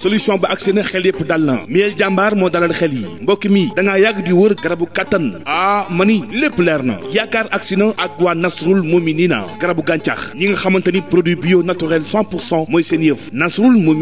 solution ba ak seen xel yëpp dal na miel jàmbaar moo dalal xel yi mbokk mi da yàgg di wër garabu kàttan kattan ah mani lépp leer na yaakaar ak si na ak waa nii muminina garabu gàncax ñi nga xamante ni produit bio naturel 100 pour cent mooy moom yëf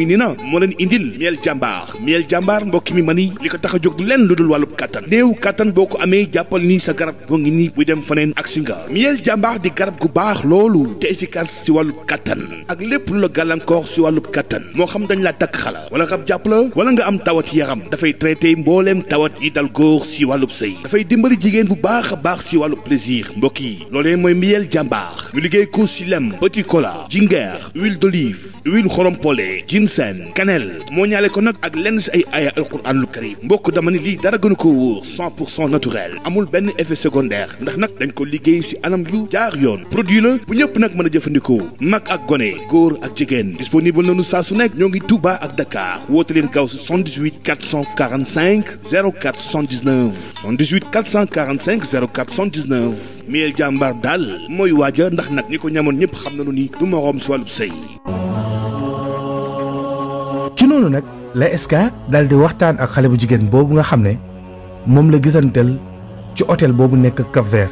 nii na moo leen indil miel jàmbaar miel jàmbaar mbokk mi mani li ko tax a jóg du leen lu dul wàllub kattan néew kattan boo ko amee jàppal ni sa garab moo ngi nii buy dem faneen ak si nga jàmbaar di garab gu baax loolu te efficace si wàllub kattan ak lépp lu gàllankoor si wàllub kattan moo xam dañ la takk xala wala rab jàpp la wala nga am tawat yaram dafay traité mbooleem tawat yi dal góor si wàllub sëy dafay dimbali jigéen bu baax a baax si wàllub plaisir mbokk yi loolee mooy miel jàmbaar ñu liggéey ko si lem petit cola jingeer huile d'olive huile xorompolé ginseng cannelle moo ñaale ko nag ak lenn si ay aya alquranul karim mbokk dama ni lii dara gënu ko wóor 100 pour naturel amul benn effet secondaire ndax nag dañ ko liggéey si anam yu jaar yoon produit la bu ñëpp nag mën a jëfandikoo mag ak gone góor ak jigéen disponible nañu saa su nekk ñoo ngi Touba ak Dakar Dakar woote leen gaaw si 78 445 04 79 78 445 04 79 miel jàmbaar daal mooy waaja ndax nag ñi ko ñamoon ñëpp xam nañu ni du moroom si wàllu sëy ci noonu nag la SK daal di waxtaan ak xale bu jigéen boobu nga xam ne moom la gisantel ci hôtel boobu nekk Cap-Vert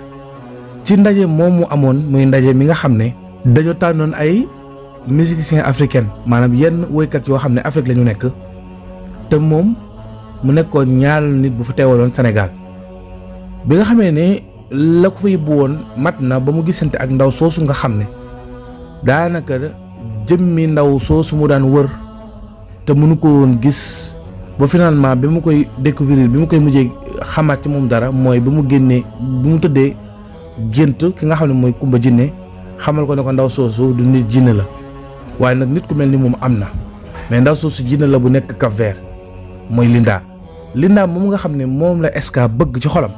ci ndaje moomu amoon muy ndaje mi nga xam ne dañoo tànnoon ay musicien africaine maanaam yenn woykat yoo xam ne Afrique la ñu nekk te moom mu nekkoon ñaar nit bu fa teewaloon Sénégal bi nga xamee ne la ko fa yóbbu woon mat na ba mu gisante ak ndaw soosu nga xam ne daanaka jëmmi ndaw soosu mu daan wër te mënu ko woon gis ba finalement bi mu koy découvrir bi mu koy mujjee xamaat ci moom dara mooy bi mu génnee bi mu tëddee gént ki nga xam ne mooy Kumba Jinne xamal ko ne ndaw soosu du nit jinne la waaye nag nit ku mel ni moom am na mais ndaw soosu jinne la bu nekk Cap Vert mooy Linda Linda moom nga xam ne moom la Ska bëgg ci xolam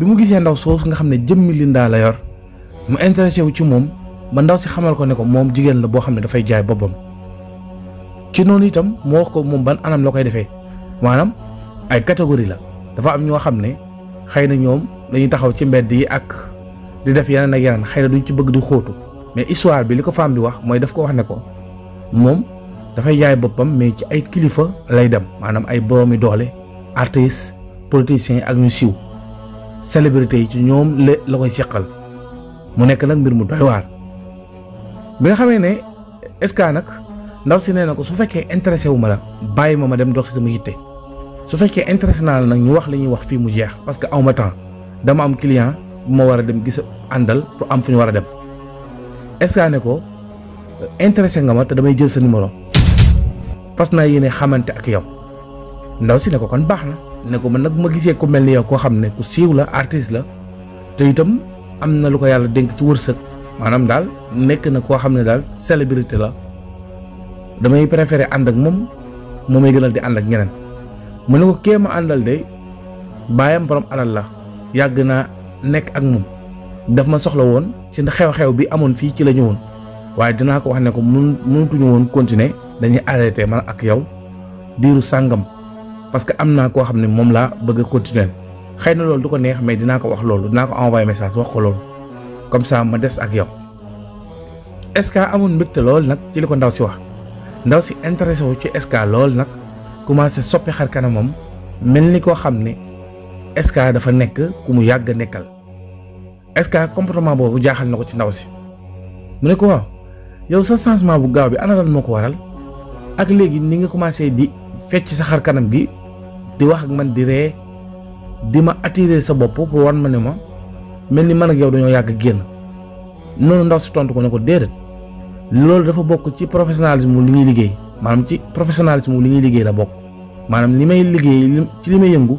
bi mu gisee ndaw soosu nga xam ne jëmmi lindaa la yor mu intéressé wu ci moom ba ndaw si xamal ko ne ko moom jigéen la boo xam ne dafay jaay boppam ci noonu itam moo wax ko moom ban anam la koy defee maanaam ay catégorie la dafa am ñoo xam ne xëy na ñoom dañuy taxaw ci mbedd yi ak di def yeneen ak yeneen xëy na duñ ci bëgg di xóotu mais histoire bi li ko femme bi wax mooy daf ko wax ne ko moom dafay jaay boppam mais ci ay kilifa lay dem maanaam ay boroomi doole artistes politiciens ak ñu siiw célébrités yi ci ñoom la la koy seqal mu nekk nag mbir mu doy waar nga xamee ne Esca nag ndaw si nee na ko su fekkee intéressé wu ma la bàyyi ma ma dem dox si yitte su fekkee intéressé naa la nag ñu wax li ñuy wax fii mu jeex parce que aw ma temps dama am client bu ma war a dem gis àndal pour am fu ñu war a dem escané ko intéressé nga ma te damay jël sa numéro fas naa yéene xamante ak yow ndaw si ne ko kon baax na ne ko man nag ma gisee ku mel ni yow koo xam ne ku siiw la artiste la te itam am na lu ko yàlla dénk ci wërsëg maanaam daal nekk na koo xam ne daal célébrité la damay préféré ànd ak moom moo may gënal di ànd ak ñeneen mu ne ko kéema àndal de baayam borom alal la yàgg naa nekk ak moom daf ma soxla woon ci xew-xew bi amoon fii ci la woon waaye dinaa ko wax ne ko mun mënutuñu woon continuer dañuy arrêté ma ak yow diiru sàngam parce que am naa koo xam ne moom laa bëgg a continuer xëy na loolu du ko neex mais dina ko wax loolu dinaa ko envoyé message wax ko loolu comme ça ma des ak yow Eska amoon mbégte lool nag ci li ko ndaw si wax ndaw si intéressé wu ci Eska lool nag commencé soppi xar kanamam mel ni koo xam ne Eska dafa nekk ku mu yàgg nekkal. est-ce que comportement boobu jaaxal na ko ci ndaw si mu ne ko waaw yow sa changement bu gaaw bi ana moo ko waral ak léegi ni nga commencé di fecc sa xar kanam bi di wax ak man di ree di ma attirer sa bopp pour wan ma ne ma mel ni man ak yow dañoo yàgg génn noonu ndaw si tontu ko ne ko déedéet loolu dafa bokk ci professionnalisme li ñuy liggéey maanaam ci professionnalisme li ñuy liggéey la bokk maanaam li may liggéey ci li may yëngu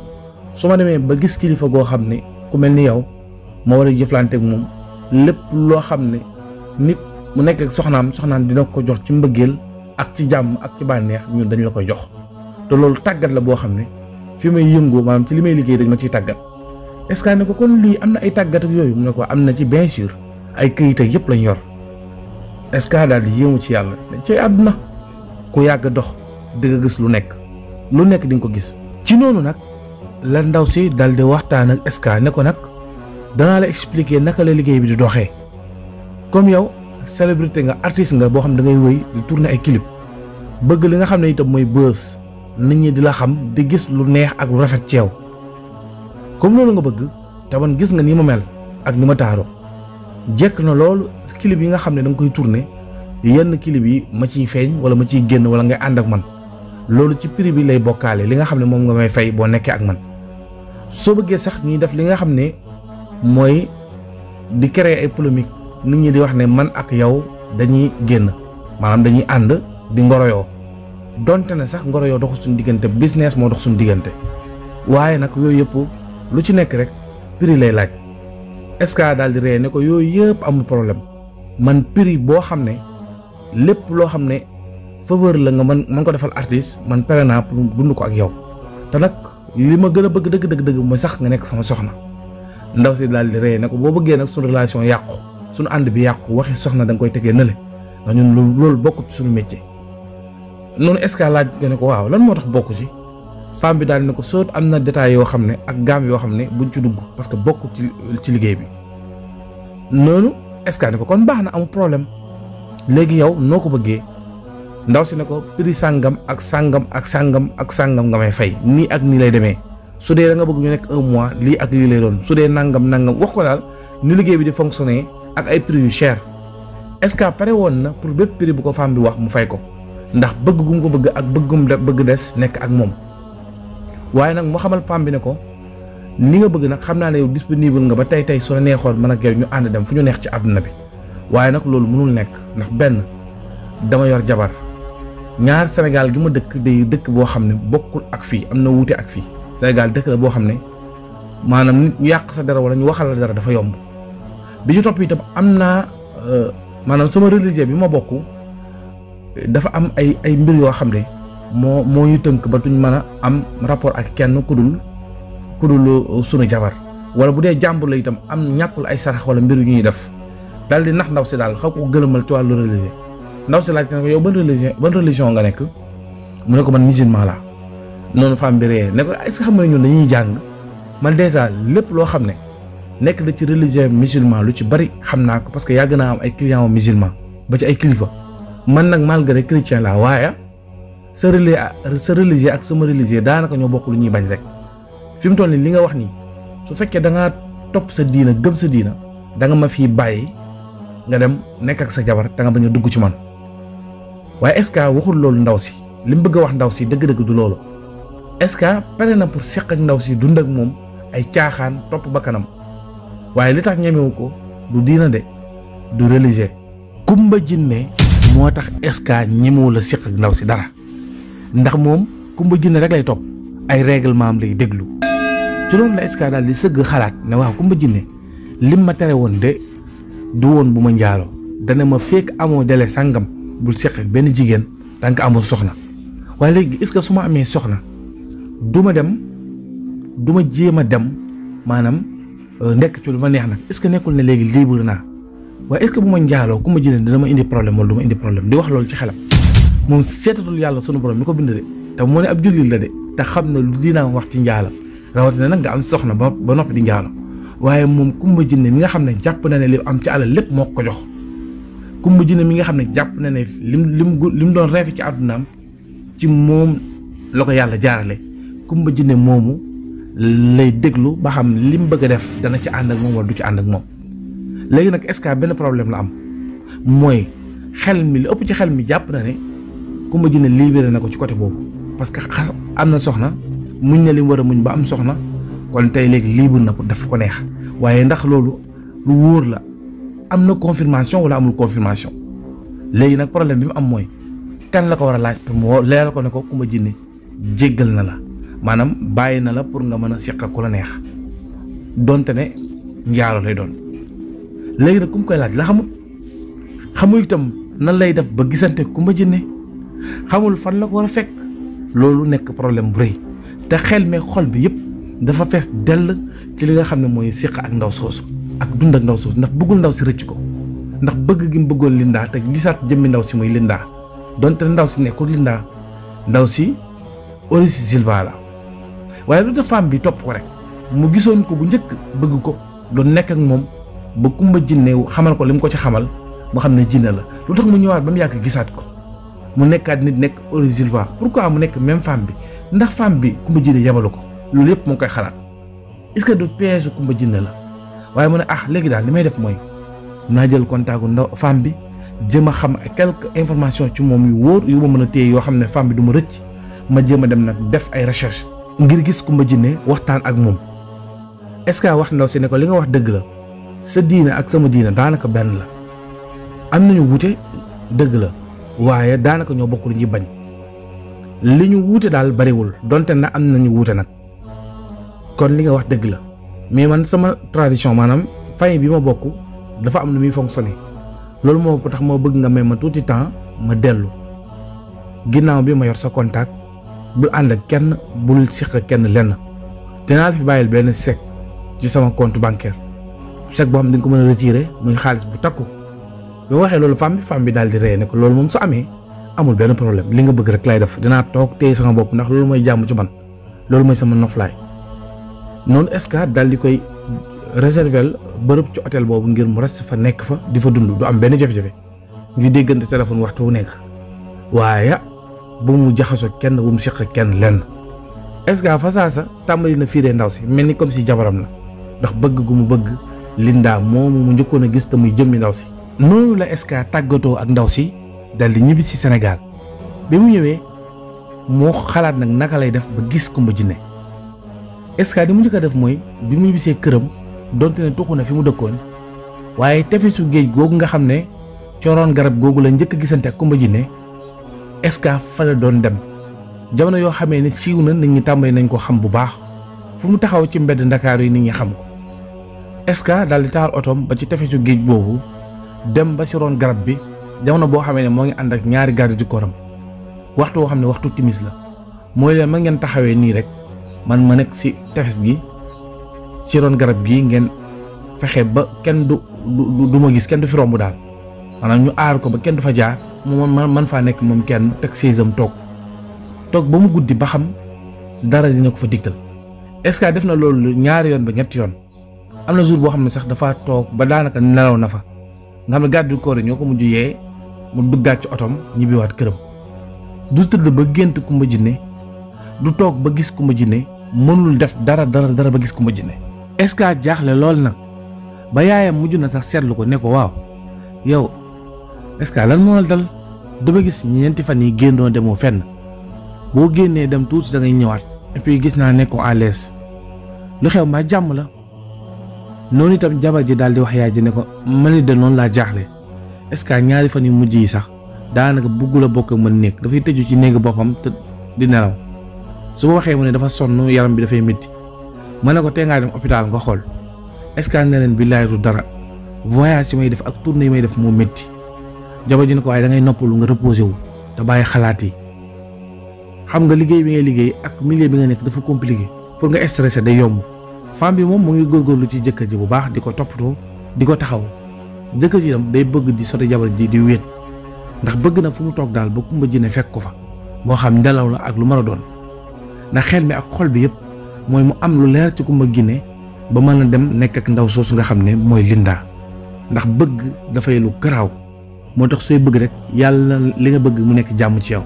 su ma demee ba gis kilifa goo xam ne ku mel ni yow. ma war a jëflanteeg moom lépp loo xam ne nit mu nekk ak soxnaam soxnaam dina ko jox ci mbëggeel ak ci jàmm ak ci bànneex ñun dañ la koy jox te loolu tàggat la boo xam ne fi may yëngoo maam ci li may liggéey dañ ma ciy tàggat est ne ko kon lii am na ay tàggat ak yooyu mu ne ko am na ci bien sûr ay këyit ak yëpp lañ yor est-ce que daal di yëngu ci yàlla ci àdduna ku yàgg dox di gis lu nekk lu nekk di ko gis. ci noonu nag la ndaw si daal di waxtaan ak est ko nag. danaa la expliquer naka la liggéey bi di doxee comme yow célébrité nga artiste nga boo xam da ngay wëy di tourner ay clip bëgg li nga xam ne itam mooy buzz nit ñi di la xam di gis lu neex ak lu rafet ci yow comme loolu nga bëgg te man gis nga nii ma mel ak ni ma taaroo jekk na loolu clip yi nga xam ne danga koy tourner yenn clip yi ma ciy feeñ wala ma ciy génn wala ngay ànd ak man loolu ci prix bi lay bokkaale li nga xam ne moom nga may fay boo nekkee ak man mooy di créer ay polémique nit ñi di wax ne man ak yow dañuy génn maanaam dañuy ànd di ngoro ngoroyoo donte na sax ngoro ngoroyoo doxul suñu diggante business moo dox suñu diggante waaye nag yooyu yëpp lu ci nekk rek prix lay laaj est-ce que daal di ree ne ko yooyu yëpp amul problème man prix boo xam ne lépp loo xam ne faveur la nga man man ko defal artiste man pere naa pour dund ko ak yow te nag li ma gën a bëgg dëgg dëgg dëgg mooy sax nga nekk sama soxna ndaw si daal di rey ne ko boo bëggee nag suñu relation yàqu suñu ànd bi yàqu waxi soxna da koy tegee nële ndax ñun loolu loolu bokkut suñu métier noonu est-ce que laaj nga ne ko waaw lan moo tax bokku ci femme bi daal ne ko soo am na détails yoo xam ne ak gaam yoo xam ne buñ ci dugg parce que bokkut ci ci liggéey bi noonu est ne ko kon baax na amul problème léegi yow noo ko bëggee ndaw si ne ko prix sàngam ak sàngam ak sàngam ak sàngam nga may fay nii ak nii lay demee su dee da nga bëgg ñu nekk un mois lii ak lii lay doon su dee nangam nangam wax ko daal ni liggéey bi di fonctionner ak ay prix yu cher est-ce que pare woon na pour bépp prix bu ko femme bi wax mu fay ko ndax bëgg gum ko bëgg ak bëggum bëgg des nekk ak moom waaye nag mu xamal femme bi ne ko li nga bëgg nag xam naa ne yow disponible nga ba tey tey su la neexoon man ak yow ñu ànd dem fu ñu neex ci àdduna bi waaye nag loolu mënul nekk ndax benn dama yor jabar ñaar Sénégal gi ma dëkk day dëkk boo xam ne bokkul ak fii am na wuute ak fii Sénégal dëkk la boo xam ne maanaam nit ñu yàq sa dara wala ñu waxal la dara dafa yomb bi ñu topp itam am naa euh, maanaam sama religieux bi ma bokk dafa am ay ay mbir yoo xam ne moo moo ñu tënk ba duñ mën a am rapport ak kenn ku dul ku euh, sunu jabar wala bu dee jàmbur la itam am ñàkkul ay sarax wala mbir yu ñuy def daal nax ndaw si daal xaw ko gëlëmal ci wàllu religieux ndaw si laaj ko yow ban religion ban religion nga nekk mu ne ko man musulman la noonu femme bi ree ne ko est xam nga ñun dañuy jàng man dèjà lépp loo xam ne nekk na ci religion musulman lu ci bari xam naa ko parce que yàgg naa am ay clients musulman ba ci ay kilifa man nag malgré chrétien laa waaye sa reli sa religieux ak sama religieux daanaka ñoo bokk lu ñuy bañ rek fi mu toll nii li nga wax nii su fekkee da topp sa diina gëm sa diina danga ma fi bàyyi nga dem nekk ak sa jabar da nga bañ a dugg ci man waaye est-ce que waxul loolu ndaw si li mu bëgg wax ndaw si dëgg-dëgg du est-ce que pare na pour seq ak ndaw si dund ak moom ay caaxaan topp ba kanam waaye li tax ñemewu ko du diina de du religieux. kumba jinne moo tax esca ce que ñemewu la seq ak ndaw si dara ndax moom kumba jinne rek lay topp ay règlement am lay déglu ci loolu la est-ce di sëgg xalaat ne waaw kumba jinne lim ma tere woon de du woon bu ma njaaloo dana ma fekk amoo dele sàngam bul seq benn jigéen tant que amul soxna waaye léegi est-ce que su ma amee soxna. du ma dem du ma jéem a dem maanaam euh, nekk ci lu ma neex nag est ce que nekkul ne léegi libre naa waaye est ce que bu ma njaaloo ku ma jëlee dina ma indi problème wala du ma indi problème di wax loolu ci xelam moom seetatul yàlla sunu borom mi ko bind de te moo ne ab jullit la de te xam na lu dinaa wax ci njaala rawatina nag nga am soxna ba ba noppi di njaalo waaye moom kumba jinne mi nga xam ne jàpp na ne li am ci alal lépp moo ko jox kumba jinne mi nga xam ne jàpp na ne lim lim lim doon reefe ci àddunaam ci moom la ko yàlla jaarale kumba jinne moomu lay déglu ba xam li mu bëgg a def dana ci ànd ak moom wala du ci ànd ak moom léegi nag est-ce que benn problème la am mooy xel mi li ëpp ci xel mi jàpp na ne kumba jinne libéré na ko ci côté boobu parce que xas am na soxna muñ na li mu war a muñ ba am soxna kon tey léegi libre na ko def ko neex waaye ndax loolu lu wóor la am na confirmation wala amul confirmation léegi nag problème bi mu am mooy kan la ko war a laaj pour mu leeral ko ko kumba jinne jéggal na la maanaam bàyyi na la pour nga mën a seq ku la neex donte ne njaalo lay doon léegi nag ku mu koy laaj la xamul xamul itam nan lay def ba gisante ku ma jënne xamul fan la ko war a fekk loolu nekk problème bu réy te xel me xol bi yëpp dafa fees dell ci li nga xam ne mooy seq ak ndaw soosu ak dund ak ndaw soosu ndax bëggul ndaw si rëcc ko ndax bëgg gi mu bëggoon Linda te gisaat jëmmi ndaw si muy Linda donte ndaw si nekkul lindaa ndaw si Oris Silva waaye lu tax femme bi topp ko rek mu gisoon ko bu njëkk bëgg ko doon nekk ak moom ba kumba jinne xamal ko li mu ko ci xamal mu xam ne jinne la lu tax mu ñëwaat ba mu yàgg gisaat ko mu nekkaat nit nekk origine pour pourquoi mu nekk même femme bi ndax femme bi kumba jinne yebalu ko loolu yépp mu ngi koy xalaat est-ce que du piège kumba jinne la waaye mu ne ah léegi daal li may def mooy naa jël contact gu ndaw femme bi jëm a xam quelques informations ci moom yu wóor yu ma mën a téye yoo xam ne femme bi du ma rëcc ma jéem a dem nag def ay recherche ngir gis Kumba Jinne waxtaan ak moom est-ce que wax ndaw si ne ko li nga wax dëgg la sa diina ak sama diina daanaka benn la am nañu wuute dëgg la waaye daanaka ñoo bokkul lu bañ li ñu wuute daal bariwul donte na am nañu wuute nag kon li nga wax dëgg la mais man sama tradition maanaam fay bi ma bokk dafa am lu muy fonctionné loolu moo tax ma bëgg nga may ma tuuti temps ma dellu ginnaaw bi ma yor sa contact bul ànd ak kenn bul siq ak kenn lenn dinaa la fi bàyyil benn chèque ci sama compte bancaire chèque boo xam ne ko mën a retirer muy xaalis bu takku bi waxee loolu femme bi femme bi daal di rey ne ko loolu moom su amee amul benn problème li nga bëgg rek lay def dinaa toog téye sama bopp ndax loolu mooy jàmm ci man loolu mooy sama noflaay noonu est-ce que daal di koy réserver bërëb ci otel boobu ngir mu reste fa nekk fa di fa dund du am benn jafe-jafe ñuy déggante téléphone waxtu wu nekk waaye bu mu jaxasoo kenn bu mu seq kenn lenn est-ce que tàmbali na fiire ndaw si mel ni comme si jabaram la ndax bëgg gu mu bëgg Linda moomu mu njëkkoon a gis te muy jëmmi ndaw si. noonu la Eska tàggatoo ak ndaw si dal di ñibbi si Sénégal bi mu ñëwee moo xalaat nag naka lay def ba gis Kumba Jinne Eska di mu njëkk a def mooy bi mu ñibbisee këram dont ne tuxu na fi mu dëkkoon waaye tefesu géej googu nga xam ne coroon garab googu la njëkk a gisante ak Kumba Excaf fa la doon dem jamono yoo xamee ne siiw na nit ñi tàmbali nañ ko xam bu baax fu mu taxaw ci mbedd ndakaaru yi nit ñi xam ko Excaf daal di taal otoom ba ci tefesu géej boobu dem ba si roon garab bi jamono boo xamee ne moo ngi ànd ak ñaari garde du corps waxtu woo xam ne waxtu timis la mooy leen ma ngeen taxawee nii rek man ma nekk si tefes gi si roon garab gi ngeen fexe ba kenn du du du ma gis kenn du fi romb daal maanaam ñu aar ko ba kenn du mu man man faa nekk moom kenn teg séisam toog toog ba mu guddi ba xam dara dina ko fa diggal est-ce que def na loolu ñaari yoon ba ñetti yoon am na jour boo xam ne sax dafa toog ba daanaka nelaw na fa nga xam ne gàddu koor ñoo ko mujj yee mu duggaat ci otom ñibbiwaat këram du tëdd ba gént kumba jinne du toog ba gis kumba jinne mënul def dara dara dara ba gis kumba jinne est-ce que jaaxle lool na ba yaayam mujj na sax seetlu ko ne ko waaw yow lan moo dama gis ñeenti fan yi génn génnoon demoo fenn boo génnee dem tuuti da ngay ñëwaat et gis naa nekkoo à l'aise lu xew maa jàmm la noonu itam jabar ji daal di wax yaay ji ne ko ma ni dem noonu laa jaaxle est ce que ñaari fan yu mujj yi sax daanaka bëggul a bokk mën néeg dafay tëju ci néegu boppam te di nelaw su ma waxee mu ne dafa sonn yaram bi dafay métti ma ne ko tee ngaa dem hôpital nga xool est ce que ne leen billaay du dara voyage yi may def ak tournée yi may def moo métti jabar ji ne ko waaye dangay ngay noppalu nga reposé wu te bàyyi xalaat yi xam nga liggéey bi ngay liggéey ak milieu bi nga nekk dafa compliqué pour nga stressé day yomb femme bi moom mu ngi góorgóorlu ci jëkkër ji bu baax di ko toppatoo di ko taxaw jëkkër ji itam day bëgg di sote jabar ji di wéet ndax bëgg na fu mu toog daal ba kumba ji ne fekk ko fa moo xam ndelaw la ak lu mën a doon ndax xel mi ak xol bi yëpp mooy mu am lu leer ci kumba ginne ba mën a dem nekk ak ndaw soosu nga xam ne mooy Linda ndax bëgg dafay lu garaaw moo tax sooy bëgg rek yàlla li nga bëgg mu nekk jàmm ci yow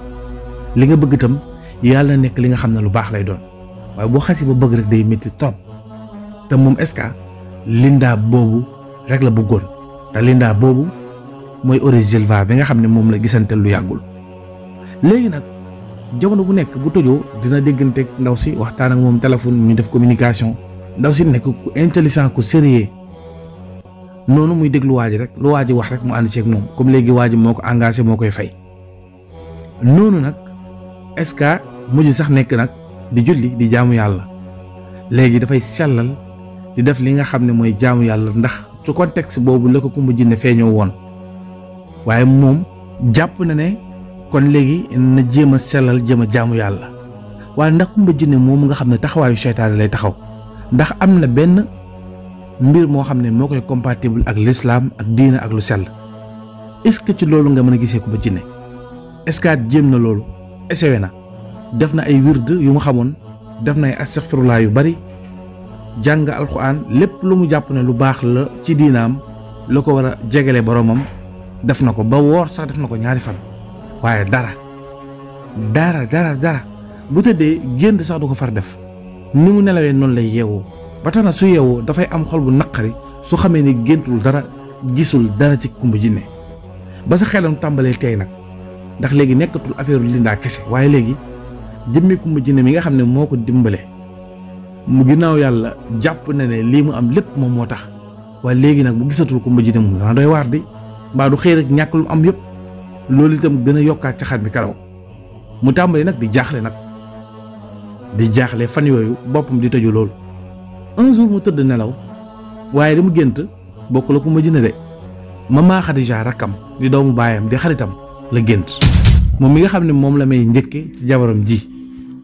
li nga bëgg itam yàlla nekk li nga xam ne lu baax lay doon waaye boo xasi ba bëgg rek day métti trop te moom est-ce que Linda boobu rek la bëggoon te lindaa boobu mooy Auré Silva bi nga xam ne moom la gisante lu yàggul léegi nag jamono bu nekk bu tojoo dina déggante ndaw si waxtaan ak moom téléphone ñu def communication ndaw si nekk ku intelligent ku sérieux noonu muy déglu waa ji rek lu waaj wax rek mu ànd ceeg moom comme léegi waa moo ko engagé moo koy fay noonu nag est-ce que mujj sax nekk nag di julli di jaamu yàlla léegi dafay sellal di def li nga xam ne mooy jaamu yàlla ndax ci contexte boobu la ko ku mujj ne feeñoo woon waaye moom jàpp na ne kon léegi na jéem a sellal jéem a jaamu yàlla waaye ndax ku mujj ne mu nga xam ne taxawaayu seytaane lay taxaw ndax am na benn. mbir moo xam ne noo koy compatible ak l'islam ak diina ak lu sell est ce que ci loolu nga mën a gisee ko ba jinne est ce que jéem na loolu essayé na def na ay wird yu mu xamoon def na ay astaxfirullah yu bari jàng alxuraan lépp lu mu jàpp ne lu baax la ci diinaam lu ko war a jegelee boroomam def na ko ba woor sax def na ko ñaari fan waaye dara dara dara dara bu tëddee gént sax du ko far def ni mu nelawee noonu lay yeewoo. ba tax na su yeewoo dafay am xol bu naqari su xamee ni géntul dara gisul dara ci kumba jinne ba sa xelam tàmbalee tey nag ndax léegi nekkatul affaire Linda kese waaye léegi jëmmi kumba jinne mi nga xam ne moo ko dimbale mu ginnaaw yàlla jàpp na ne lii mu am lépp moom moo tax waaye léegi nag bu gisatul kumba jinne mu dana doy waar di mbaa du xëy rek ñàkk lu am yëpp loolu itam gën a yokkaat ci xar mi karaw mu tàmbali nag di jaaxle nag di jaaxle fan yooyu boppam di tëju loolu un jour mu tëdd nelaw waaye li mu gént bokk la ku ma jëne de mama Khadija rakkam di doomu baayam di xaritam la gént moom mi nga xam ne moom la may njëkke ci jabaram ji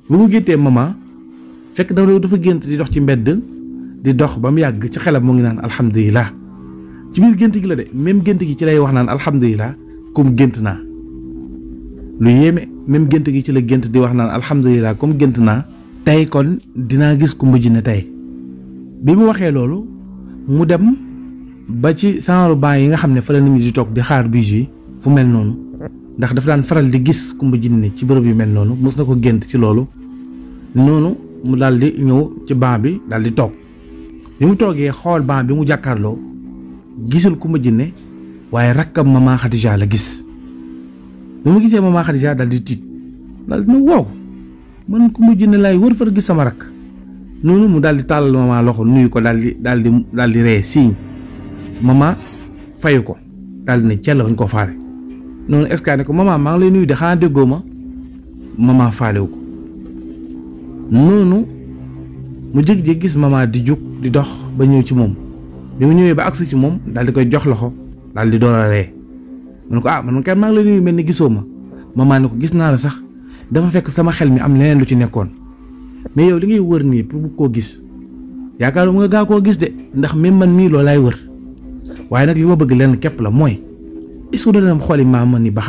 bu mu géntee mama fekk dafa dafa gént di dox ci mbedd di dox ba mu yàgg ci xelam mu ngi naan alhamdulilah ci biir gént gi la de même gént gi ci lay wax naan alhamdulilah comme gént naa lu yéeme même gént gi ci la gént di wax naan alhamdulilah comme gént naa tey kon dinaa gis ku mujj ne tey bi mu waxee loolu mu dem ba ci genre banc yi nga xam ne fa la nit ñi di toog di xaar bus yi fu mel noonu ndax dafa daan faral di gis kumba jinne ci bërëb yu mel noonu mos na ko gént ci loolu noonu mu daal di ñëw ci banc bi daal di toog bi mu toogee xool banc bi mu jàkkaarloo gisul kumba jinne waaye rakkam maman Khadija la gis bi mu gisee maman Khadija daal di tiit daal di ne wow man kumba jinne laay wër far gis sama rakk. noonu mu daal di tàllal maman loxo nuyu ko daal di daal di daal di ree siñ maman ko daal di ne la wañ ko faale noonu Escane ne ko maman maa ngi lay nuyu de xanaa déggoo ma maman faalewu ko noonu mu jékki-jékki gis maman di jóg di dox ba ñëw ci moom bi mu ñëwee ba agsi ci moom daal di koy jox loxo daldi di door a ree mu ne ko ah man kay maa lay nuyu mel ni gisoo ma maman ne ko gis naa la sax dafa fekk sama xel mi am leneen lu ci nekkoon mais yow li ngay wër nii pour bu koo gis yaakaaruma nga gaa koo gis de ndax même man mii loolaay wër waaye nag li ma bëgg lenn képp la mooy est-ce que doo dem xooli maama ni ba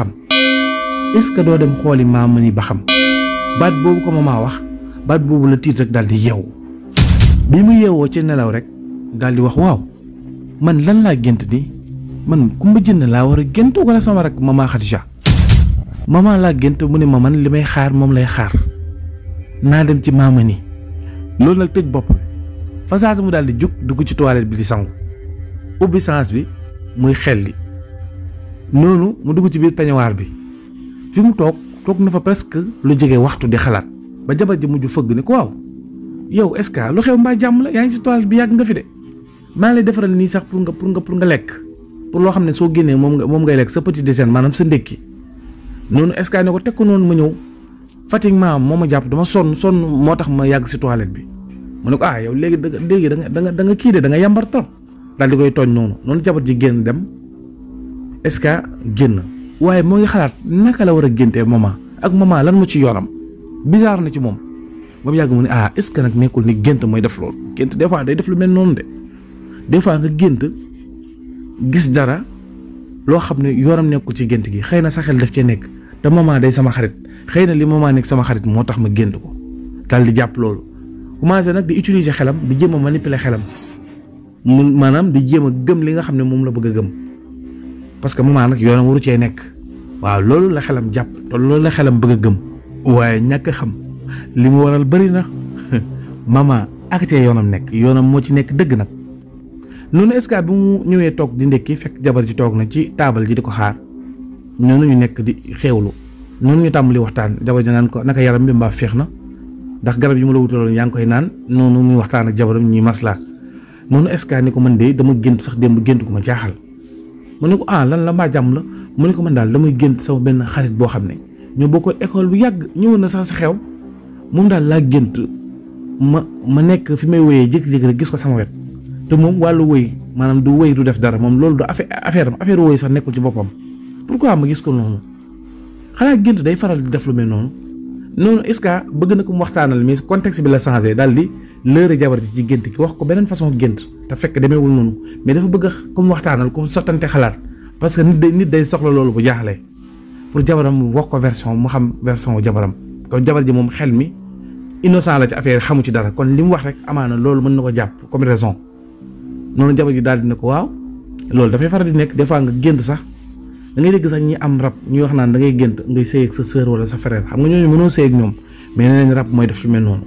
est-ce que doo dem xooli maama ni ba xam baat boobu ko ma mamaa wax baat boobu la tiit rek daal di yeewu bi mu yeewoo ci nelaw rek daal di wax waaw man lan laa gént ni man kumba jënd laa war a gént wala sama rak mamaa Xadija mamaa laa gént mu ne ma man li may xaar moom lay xaar naa dem ci maama ni loolu nag tëj bopp bi mu daal di jug dugg ci toilette bi di sangu ubbi sens bi muy xel li noonu mu dugg ci biir peñawaar bi fi mu toog toog na fa presque lu jege waxtu di xalaat ba jabar ji mujj fëgg ne ko waaw yow est-ce que lu xew mbaa jàmm la yaa ngi si toilette bi yàgg nga fi de maa ngi lay defaral nii sax pour nga pour nga pour nga lekk pour loo xam ne soo génnee moom nga moom ngay lekk sa petit déjeuner maanaam sa ndékki noonu est ne ko teg ko noonu ma ñëw. fatiguement moom ma jàpp dama sonn sonn moo tax ma yàgg si toilette bi mu ne ko ah yow léegi da léegi danga nga da nga kii de da nga yàmbar di koy tooñ noonu noonu jabar ji génn dem est-ce que génn waaye moo ngi xalaat naka la war a géntee maman ak maman lan mu ci yoram bizarre na ci moom moom yàgg mu ne ah est-ce que nag nekkul ni gént mooy def loolu gént des fois day def lu mel noonu de des fois nga gént gis dara loo xam ne yoram nekkul ci gént gi xëy na sa xel daf cee nekk. te maman day sama xarit xëy na li maman nekk sama xarit moo tax ma génn ko dal di jàpp loolu commencé nag di utiliser xelam di ma a la xelam mu maanaam di jéem a gëm li nga xam ne moom la bëgg a gëm parce que maman nag yoonam waru cee nekk waaw loolu la xelam jàpp loolu la xelam bëgg a waaye ñàkk xam li mu waral bëri na maman ak cee yoonam nekk yoonam moo ci nekk dëgg nag noonu est-ce que bi mu ñëwee toog di ndekki fekk jabar ji toog na ci taabal ji di ko xaar. ñoo ñu nekk di xeewlu noonu ñu tàmbali waxtaan jabar ji naan ko naka yaram bi mbaa féex na ndax garab yi mu la wutaloon yaa ngi koy naan noonu muy waxtaan ak jabaram ñuy maslaa noonu esca ni ko man de dama gént sax démb gént ko ma jaaxal mu ne ko ah lan la mbaa jàmm la mu ne ko man daal damay gént sama benn xarit boo xam ne ñoo bokkoon école bu yàgg ñëwoon na sax si xew moom daal laa gént ma ma nekk fi may woyee jékki-jékki rek gis ko sama wet te moom wàllu woy maanaam du woy du def dara moom loolu du affaire affaire am affaire woy sax ci boppam pour pourquoi ma gis ko noonu xanaa gént day faral di def lu mel noonu noonu est-ce que bëgg na ko mu waxtaanal mais context bi la changé daal di lëre jabar ji ci gént ki wax ko beneen façon gént te fekk demeewul noonu mais dafa bëgg a mu waxtaanal ko mu sottante xalaat parce que nit day nit soxla loolu bu jaaxlee pour jabaram wax ko version mu xam version jabaram kon jabar ji moom xel mi innocent la ci affaire xamu ci dara kon li mu wax rek amaana loolu mën na ko jàpp comme noonu jabar ji daal dina ko waaw loolu dafay faral di nekk des nga gént sax. da ngay dégg sax ñi am rab ñuy wax naan da ngay gént ngay sëy sa sœur wala sa frère xam nga ñooñu mënoo sëy ak ñoom mais nee nañ rab mooy def lu mel noonu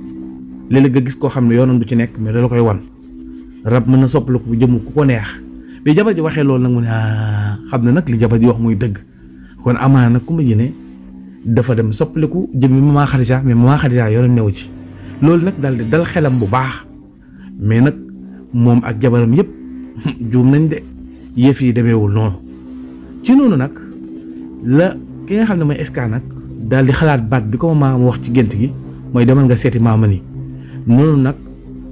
léeg-léeg gis koo xam ne yoonam du ci nekk mais dala koy wan rab mën na soppala ko jëm ku ko neex bi jabar ji waxee loolu nag mu ne ah, xam ne nag li jabar ji wax muy dëgg kon amaana nag ku ma jine dafa dem soppaliku jëm bi maman Khadija mais maman Khadija yoonam newu ci loolu nag daal di dal xelam bu baax mais nag moom ak jabaram yëpp juum nañ de yëf yi demeewul noonu ci noonu nag la ki nga xam ne mooy Escane nag daal di xalaat baat bi ko maam wax ci gént gi mooy demal nga seeti maama nii noonu nag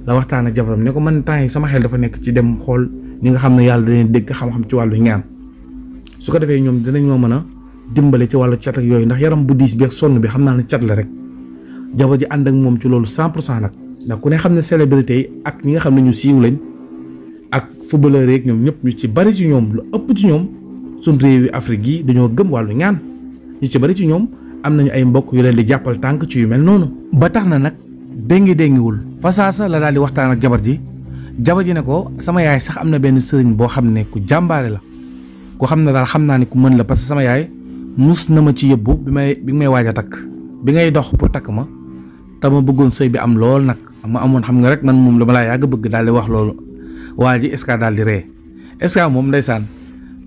la waxtaan ak jabaram ne ko man temps yi sama xel dafa nekk ci dem xool ñi nga xam ne yàlla dégg xam ci wàllu ñaan su ko defee ñoom dinañ moo mën a dimbale ci wàllu cat ak yooyu ndax yaram bu diis bi ak sonn bi xam naa ne cat la rek jabar ji ànd ak moom ci loolu 100 pour cent nag ndax ku ne xam ne célébrité yi ak ñi nga xam ne ñu siiw lañ ak footballeur yeeg ñoom ñëpp ñu ci bari ci ñoom ëpp ci ñoom. suñ réew yi Afrique yi dañoo gëm wàllu ñaan ñu ci bari ci ñoom am nañu ay mbokk yu leen di jàppal tànk ci yu mel noonu. ba tax na nag déngi déngiwul fasaasa la daal di waxtaan ak jabar ji jabar ji ne ko sama yaay sax am na benn sëriñ boo xam ne ku jàmbaare la ku xam ne daal xam naa ne ku mën la parce que sama yaay mus na ma ci yóbbu bi may bi may waaj a takk bi ngay dox pour takk ma te ma bëggoon sëy bi am lool nag ma amoon xam nga rek man moom dama laa yàgg bëgg daal di wax loolu waa ji est daal di ree est-ce que moom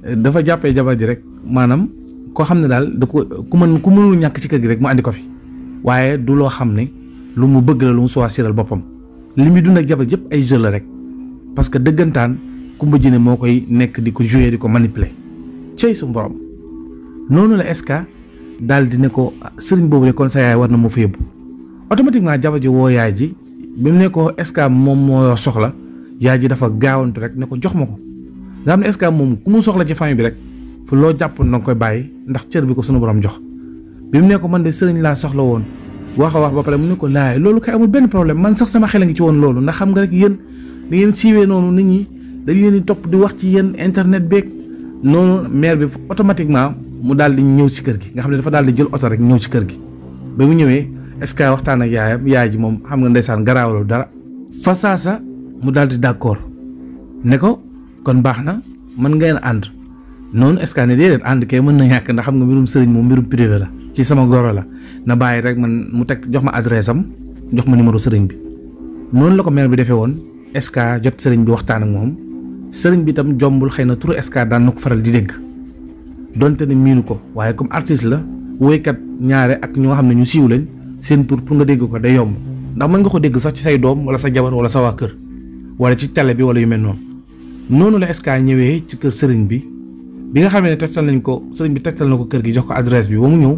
dafa jàppee jabar ji rek maanaam koo xam ne daal da ko ku mën ku mënul ñàkk ci kër gi rek mu andi ko fi waaye du loo xam ne lu mu bëgg la lu mu siral boppam li muy dund ak jabar yëpp ay jeu la rek parce que dëggantaan ji ne moo koy nekk di ko jouer di ko manipuler cey su borom noonu la Eska daal di ne ko sëriñ boobu de kon sa yaay war na mu fa yóbbu automatiquement jabar ji woo yaay ji bi mu ne ko Eska moom moo soxla yaay ji dafa gaawantu rek ne ko jox ma ko. nga xam ne esclave moom ku mu soxla ci famille bi rek fu loo jàppoon danga koy bàyyi ndax cër bi ko sunu borom jox bi mu ne ko man de sëriñ laa soxla woon wax a wax ba pare mu ne ko laay loolu kay amul benn problème man sax sama xel a ngi ci woon loolu ndax xam nga rek yéen da ngeen siiwee noonu nit ñi dañ leen di topp di wax ci yéen internet beeg noonu maire bi automatiquement mu daal di ñëw si kër gi nga xam ne dafa daal di jël oto rek ñëw si kër gi ba mu ñëwee esclave waxtaan yaayam yaay ji moom xam nga ndeysaan garaawalul dara fasaasa mu daal di d'accord ne kon baax na mën nga ngeen ànd noonu est-ce que déedéet ànd kay mën na ñàkk ndax xam nga mbirum sëriñ moom mbirum privé la ci sama goro la na bàyyi rek man mu teg jox ma adresse am jox ma numéro sëriñ bi noonu la ko maire bi defee woon SK jot sëriñ bi waxtaan ak moom sëriñ bi tam jombul xëy na turu SK daan na ko faral di dégg donte ne miinu ko waaye comme artiste la woykat ñaare ak ñoo xam ne ñu siiw lañ seen tur pour nga dégg ko day yomb ndax mën nga ko dégg sax ci say doom wala sa jabar wala sa waa wala ci télé bi wala yu mel noonu noonu la Ska ñëwee ci kër sëriñ bi bi nga xamee ne tegtal nañ ko sëriñ bi tegtal na ko kër gi jox ko adresse bi ba mu ñëw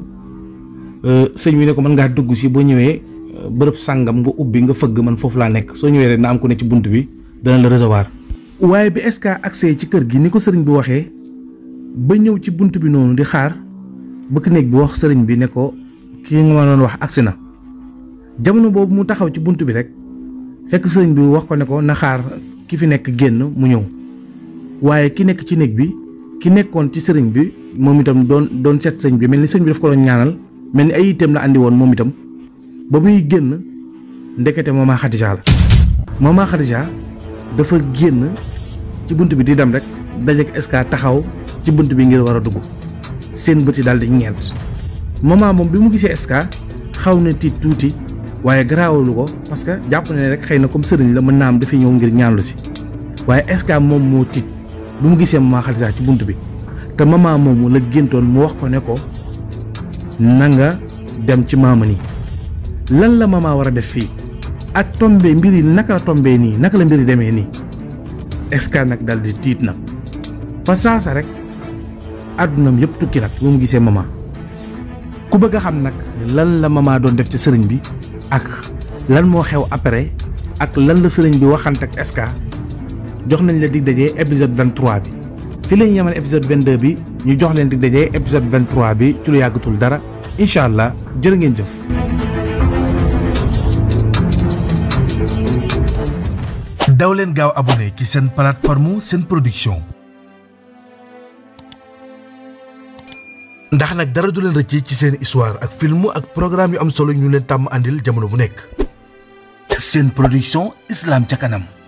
euh, sëñ bi ne ko mën ngaa dugg si ba ñëwee euh, bërëb sàngam nga ubbi nga fëgg man foofu laa nekk soo ñëwee rek na am ko ne ci bunt bi dana la recevoir. waaye bi Ska accès ci kër gi ni ko sëriñ bi waxee ba ñëw ci bunt bi noonu di xaar bëkk néeg bi wax sëriñ bi ne ko ki nga ma doon wax agsi na jamono boobu mu taxaw ci bunt bi rek fekk sëriñ bi wax ko ne na xaar. ki fi nekk génn mu ñëw waaye ki nekk ci néeg bi ki nekkoon ci sëriñ bi moom itam doon doon seet sëñ bi mel ni sëñ bi daf ko doon ñaanal mel ni ay itam la indi woon moom itam ba muy génn ndekete Mama Khadija la Mama Khadija dafa génn ci bunt bi di dem rek dajeek Escart taxaw ci bunt bi ngir war a dugg seen bët yi daal di ñeent Mama moom bi mu gisee Escart xaw na tiit tuuti waaye garaawul ko parce que jàpp ne rek xëy na comme sëriñ la mën naa am dafay ñëw ngir ñaanlu si waaye est-ce moom moo tiit bu mu gisee maman xalisaa ci bunt bi te maman moomu la géntoon mu wax ko ne ko na dem ci maama nii lan la maman war a def fii ak tombe mbir yi naka la tombee nii naka la mbir yi demee nii est nag daldi tiit nag fa sa rek àddunam yëpp tukki nag bu mu gisee maman ku bëgg a xam nag lan la maman doon def ci sëriñ bi. ak lan moo xew après ak lan la sëriñ bi waxante ak SK jox nañ la dig dajee épisode 23 bi fi la ñu yemal épisode 22 bi ñu jox leen dig dajee épisode 23 bi ci lu yàggatul dara incha allah jël ngeen jëf. leen gaaw abonné ci seen plateforme seen production ndax nag dara du leen rëcc ci seen histoire ak film ak programme yu am solo ñu leen tàmm andil jamono bu nekk. seen production Islam ca kanam.